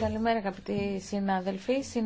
Καλημέρα αγαπητοί συνάδελφοι.